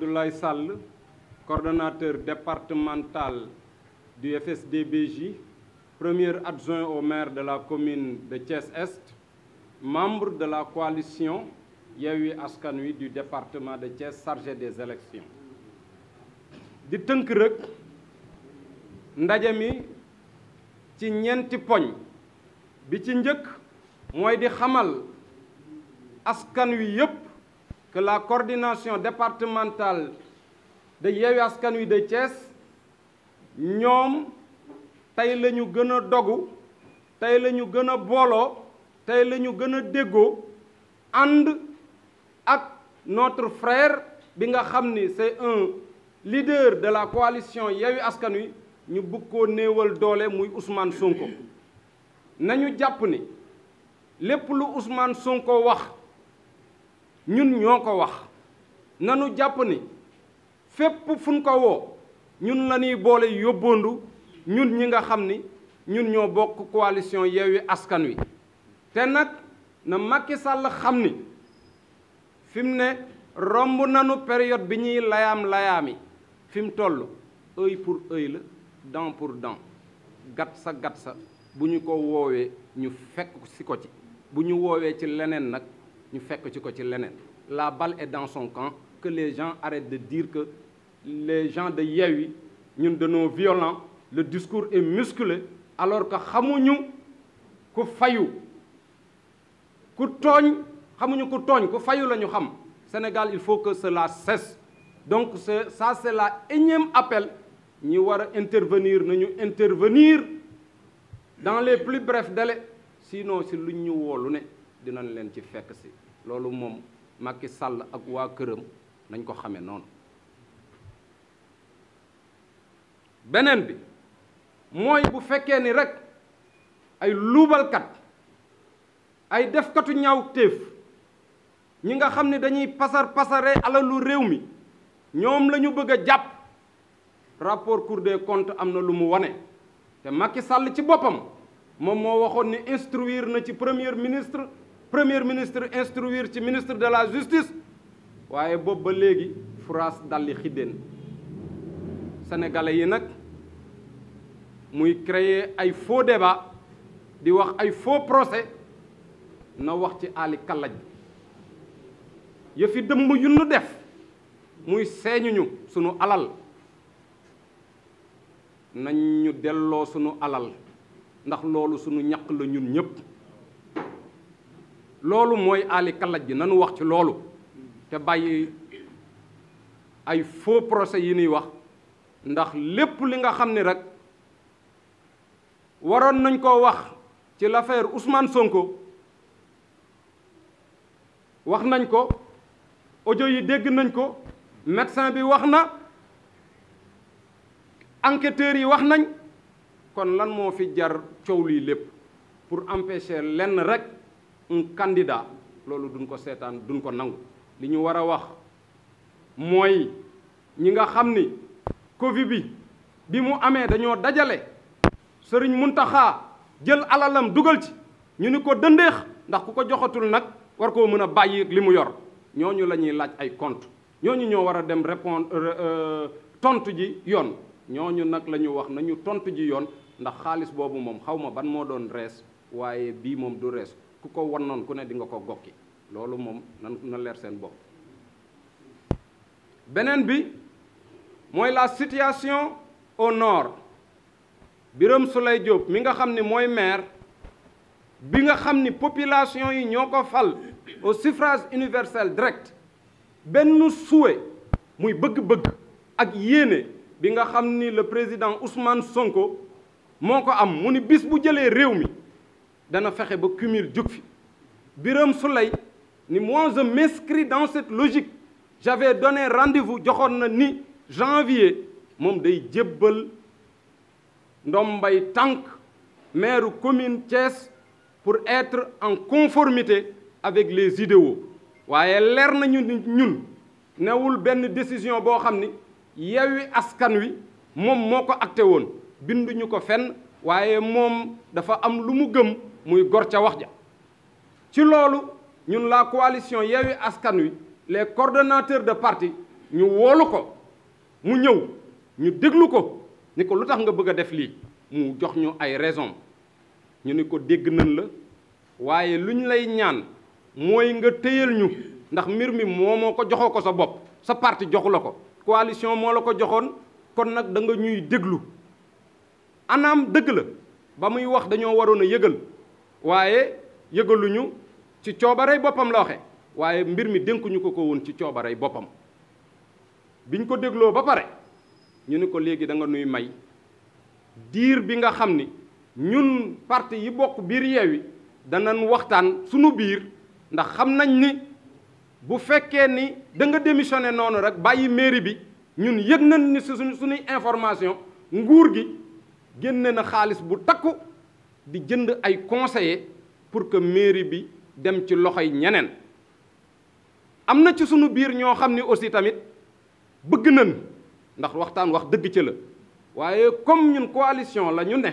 Abdoulaye Sall coordonnateur départemental du FSDBJ premier adjoint au maire de la commune de thiès membre de la coalition Yewwi Askan Wi du département de Thiès chargé des élections di tënk ndaje mi ci ñeenti poñ bi ci njëkk mooy di xamal askan wi yépp que la coordination départementale de Yewwi Askan Wi de Thiès ñoom tey la ñu gën a dogu tey la ñu gën a booloo tey la ñu gën a déggoo ànd ak notre frère bi nga xam ni c'est un leader de la coalition Yewwi Askan Wi ñu bëgg koo néewal doole muy Ousmane Sonko nañu jàpp ni lépp lu Ousmane Sonko wax ñun ñoo ko wax nanu jàpp ni fépp fuñ ko woo ñun la boole yóbboondu ñun ñi nga xam ni ñun ñoo bokk coalition Yewwi Askan Wi te nag na Macky Sall xam ni fim ne romb nanu période bi ñuy layaam-layaami fi mu toll œil pour œil la dent pour dent gat sa gat sa bu ñu ko woowee ñu fekk si ko ci bu ñu woowee ci leneen nag ñu fekk ci ko ci leneen la balle et dans son camp que les gens arrêtent de dire que les gens de Yewwi ñun dañoo violents le discours est musculé alors que xamuñu ku fayu ku tooñ xamuñu ku tooñ ku fayu la ñu xam Sénégal il faut que cela cesse donc c'est ça c'est la énième appel ñi war a intervenir nañu intervenir dans les plus brefs le sinon si luñ ñu woolu ne dinañ leen ci fekk si loolu moom makki Sall ak waa këram nañ ko xame noonu beneen bi mooy bu fekkee ni rek ay luubalkat ay defkatu ñaaw téef ñi nga xam ne dañuy pasar pasare alalu réew mi ñoom la ñu bëgg a jàpp rapport Cour des comptes am na lu mu wane te Macky Sall ci boppam moom moo waxoon ni instruire na ci premier ministre premier ministre instruire ci ministre de la justice waaye boobu ba léegi France dali xiddeen sénégalais yi nag muy créer ay faux débat di wax ay foo procès na wax ci aali kallaj yëfi dëmb yu nu def muy seeñuñu sunu alal nañ ñu delloo sunu alal ndax loolu sunu ñaq la ñun ñëpp loolu mooy aali kalaj ji nanu wax ci loolu te bàyyi ay faux procès yi nuy wax ndax lépp li nga xam ni rek waroon nañ koo wax ci l'affaire Ousmane Sonko wax nañ ko audio yi dégg nañ ko médecin bi wax na enquêteurs yi wax nañ kon lan moo fi jar coow lii lépp pour empêcher lenn rek un candidat loolu duñ ko seetaan duñ ko nangu li ñu war a wax mooy ñi nga xam ni Covid bi bi mu amee dañoo dajale sëriñ Muntaxa jël alalam dugal ci ñu ni ko dëndeex ndax ku ko joxatul nag war koo mën a bàyyi li mu yor ñooñu la ñuy laaj ay compte ñooñu ñoo war a dem répondre euh, tontu ji yoon ñooñu nag la ñu wax nañu tontu ji yoon ndax xaalis boobu moom xaw ma ban moo doon rees waaye bii moom du rees ku ko wan noonu ku ne di nga ko gokki loolu moom nan na leer seen bopp beneen bi mooy la situation au nord Birame Souleye Diop mi nga xam ni mooy maire bi nga xam ni population yi ñoo ko fal au suffrage universel direct benn souhait muy bëgg-bëgg ak yéene bi nga xam ni la président Ousmane Sonko moo ko am mu ni bis bu jëlee réew mi dana fexe ba cumul jóg fi Birame Souleye ni moi je m'inscris dans cette logique j'avais donné rendez joxoon na ni janvier moom day jébbal ndombay tànk maire commune Thiès pour être en conformité avec les idéaux waaye leer nañu ni ñun newul benn décision boo xam ni Yewwi Askan Wi moom moo ko acté woon binduñu ko fenn waaye moom dafa am lu mu gëm muy gor ca wax ja ci loolu ñun la coalition Yewwi Askan Wi les coordonnateurs de parti ñu woolu ko mu ñëw ñu déglu ko ni ko lu tax nga bëgg a def lii mu jox ñu ay raison ñu ni ko dégg nañ la waaye lu ñu lay ñaan mooy nga téyal ñu ndax mbir mi moo moo ko joxoo ko sa bopp sa parti joxu la ko coalition moo la ko joxoon kon nag da nga ñuy déglu anaam dëgg la ba muy wax dañoo waroon a yëgal waaye yëgaluñu ci coobarey boppam la waxe waaye mbir mi dénkuñu ko ko woon ci coobarey boppam biñ ko dégloo ba pare ñu ni ko léegi da nga nuy may diir bi nga xam ni ñun parti yi bokk biir Yewwi danañ waxtaan sunu biir ndax xam nañ ni bu fekkee ni danga nga noonu rek bàyyi mairie bi ñun yëg nañ ni su suñuy information nguur gi génne na xaalis bu takku di jënd ay conseillers pour que mairie bi dem ci loxo yi ñeneen am na ci sunu biir ñoo xam ni aussi tamit bëgg nañ ndax waxtaan wax dëgg ca la waaye comme ñun coalition la ñu ne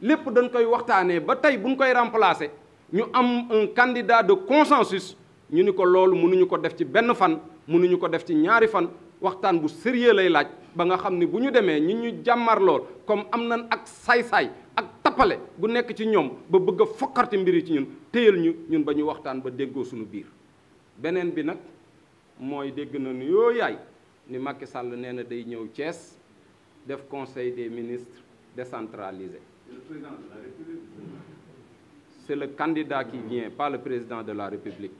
lépp dañ koy waxtaanee ba tey buñ koy remplacer ñu am un candidat de consensus ñu ni ko loolu mënuñu ko def ci benn fan mënuñu ko def ci ñaari fan waxtaan bu sérieux lay laaj ba nga xam ni bu ñu demee ñi ñu jàmmar lool comme am na ak saay-saay ak tappale bu nekk ci ñoom ba bëgg a fokkarti mbir yi ci ñun téyal ñu ñun ba ñu waxtaan ba déggoo suñu biir beneen bi nag mooy dégg nañu yoo yaay ni Macky Sall nee na day ñëw Thiès def conseil des ministres décentralisé c'est le candidat qui vient pas le président de la République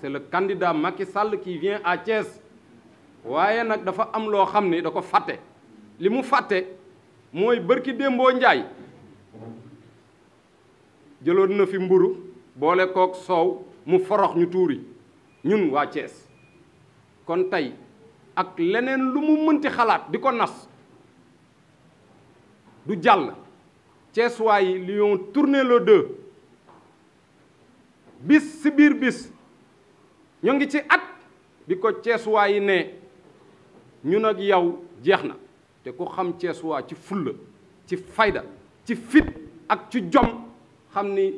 c'est le candidat Macky Sall qui vient à Thiès waaye nag dafa am loo xam ni da ko fàtte li mu fàtte mooy bërki démboo njaay jëloon na fi mburu boole kook soow mu forox ñu tuuri ñun waa Thiès kon tey ak leneen lu mu mënti xalaat di ko nas du jàll Thiès waa yi li ont tourné le bis si biir bis ñoo ngi ci at bi ko Thiès waa yi ne ñun ak yow jeex na te ku xam Thiès ci fulla ci fayda ci fit ak ci jom xam ni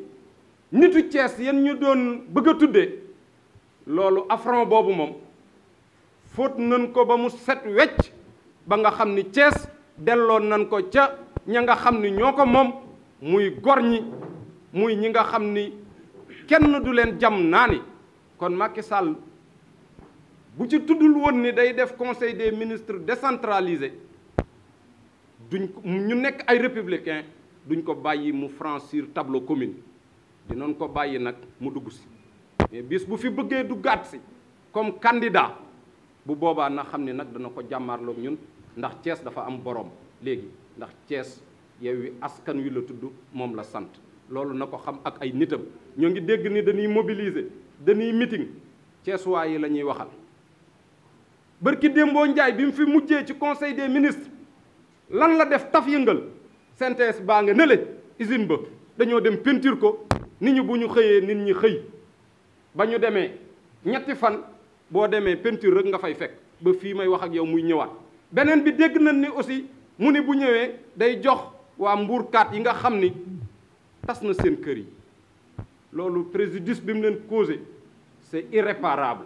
nitu Cees yan ñu doon bëgg a tuddee loolu afron boobu moom fóot nañ ko ba mu set wecc ba nga xam ni Cees delloo nañ ko ca ña nga xam ni ñoo ko moom muy gor ñi muy ñi nga xam ni kenn du leen jam naa ni kon Macky Sall bu ci tuddul woon ni day def conseil des ministres décentralisé duñ ñu nekk ay républicain duñ ko bàyyi mu franchir tableau commune dinoon ko bàyyi nag mu dugg si mais bu fi bëggee duggaat si comme candidat bu boobaa na xam ne nag dana ko jàmmaarloog ñun ndax cees dafa am borom léegi ndax cees Thiès wi Askan Wi la tudd moom la sant loolu na ko xam ak ay nitam ñoo ngi dégg ni dañuy mobiliser danuy mitin Thiessois yi la ñuy waxal bërki démboo Njaay bi mu fi mujjee ci conseil des ministres lan la def taf yëngal synthèse baa nga nële usine ba dañoo dem peinture ko nit ñi bu ñu xëyee nit ñi xëy ba ñu demee ñetti fan boo demee peinture rek nga fay fekk ba fii may wax ak yow muy ñëwaat beneen bi dégg nañ ni aussi mu ni bu ñëwee day jox waa mbuurkaat yi nga xam ni tas na seen kër yi loolu préjudice bi mu leen causé c'est irréparable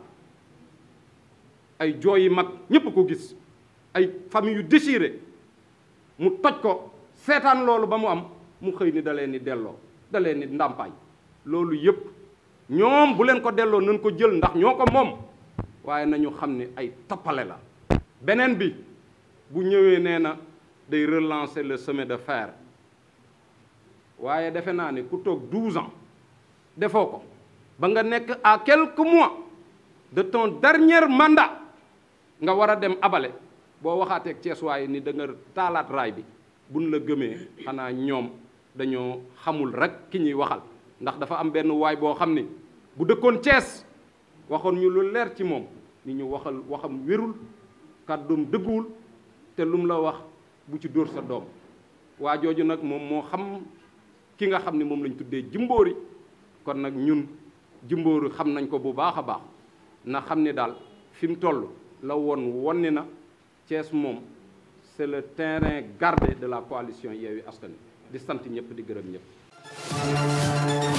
ay jooy yi mag ñépp ko gis ay fami yu déchiré mu toj ko seetaan loolu ba mu am mu xëy ni da leen ni delloo da leen ni ndàmpaay loolu yëpp ñoom bu leen ko delloo nañ ko jël ndax ñoo ko moom waaye nañu xam ne ay tappale la beneen bi bu ñëwee nee na day relancer le sommet de fer waaye defe naa ne ku toog 12 ans defoo ko ba nga nekk à quelques mois de ton dernier mandat nga war a dem abale boo waxaatee waxaateeg ceesuwaay ni da nga taalaat raay bi bu buñ la gëmee xanaa ñoom dañoo xamul rek ki ñuy waxal ndax dafa am benn waay boo xam ni bu dëkkoon Cees waxoon ñu lu leer ci moom ni ñu waxal waxam wérul kàddum dëgguwul te lum la wax bu ci dóor sa doom waa jooju nag moom moo xam ki nga xam ni moom lañ tuddee jimboori kon nag ñun jimboori xam nañ ko bu baax a baax na xam ni daal fi mu toll la woon wonni na Cees moom c'est le terrain gardé de la coalition Yewwi Askan di sant ñëpp di gërëm ñëpp